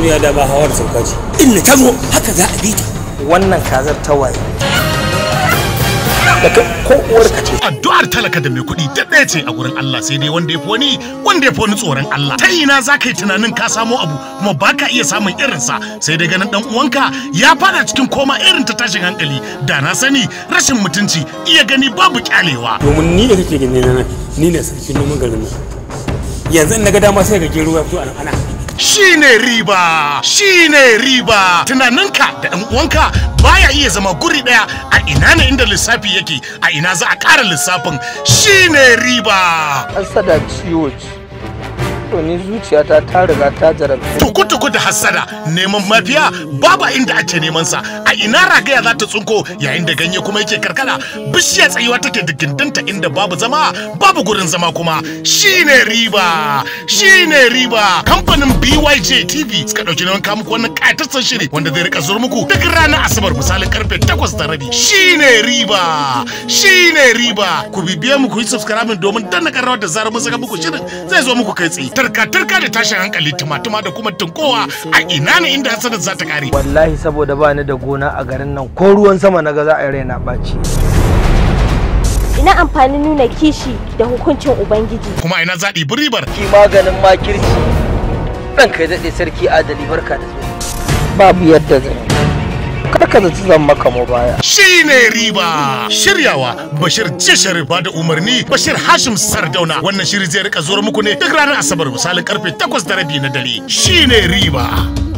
duniya da ba hawar sauka ce in ta zo haka za a bi ta wannan kazar ta waye daga ko ka ce addu'ar talaka da mai kuɗi da ɗaya ce a gurin Allah sai dai wanda ya fi wani wanda ya fi wani tsoron Allah ta ina za ka yi tunanin ka samo abu kuma ba ka iya samun irinsa sai dai ganin ɗan uwanka ya fada cikin koma irin ta tashin hankali da na sani rashin mutunci iya gani babu kyalewa domin ni da kake gani na ni ne sarki noman garin nan yanzu in na ga dama sai ka gero ya fito a shine riba shine riba tunaninka da ɗan uwanka baya iya zama guri ɗaya a ina ne inda lissafi yake a ina za a ƙara lissafin shine riba asada ciwo ciwo to zuciyata ta riga ta jarabta tuku-tuku da hassada neman mafiya babu inda ake neman sa a ina ragaya za ta tsunko yayin da ganye kuma yake karkara bishiya tsayuwa take da inda babu zama babu gurin zama kuma shine riba shine riba kamfanin BYJ TV suka dauki neman kamu wannan kayataccen shiri wanda zai rika zuwa muku duk ranar asabar misalin karfe 8 da rabi shine riba shine riba ku bibiye mu ku yi subscribe domin danna karawar da zarar mun saka muku shirin zai zo muku kai tsaye tarka-tarka da tashin hankali tumatuma da kuma tunkowa a ina ne inda hasarar za ta kare. Wallahi saboda ba ni da gona a garin nan ko ruwan sama na ga za a yi raina ɓaci. Ina amfanin nuna kishi da hukuncin Ubangiji. Kuma ina zaɗi buribar. Ki maganin makirci. Ɗan kai daɗe sarki adali barka da zuwa. Babu yadda zai. ka ta zan maka mu baya ne riba shiryawa Bashir ce Sharifa da umarni Bashir Hashim Sardauna wannan shiri zai rika zuwa muku ne duk ranar Asabar misalin karfe 8 da rabi na dare ne riba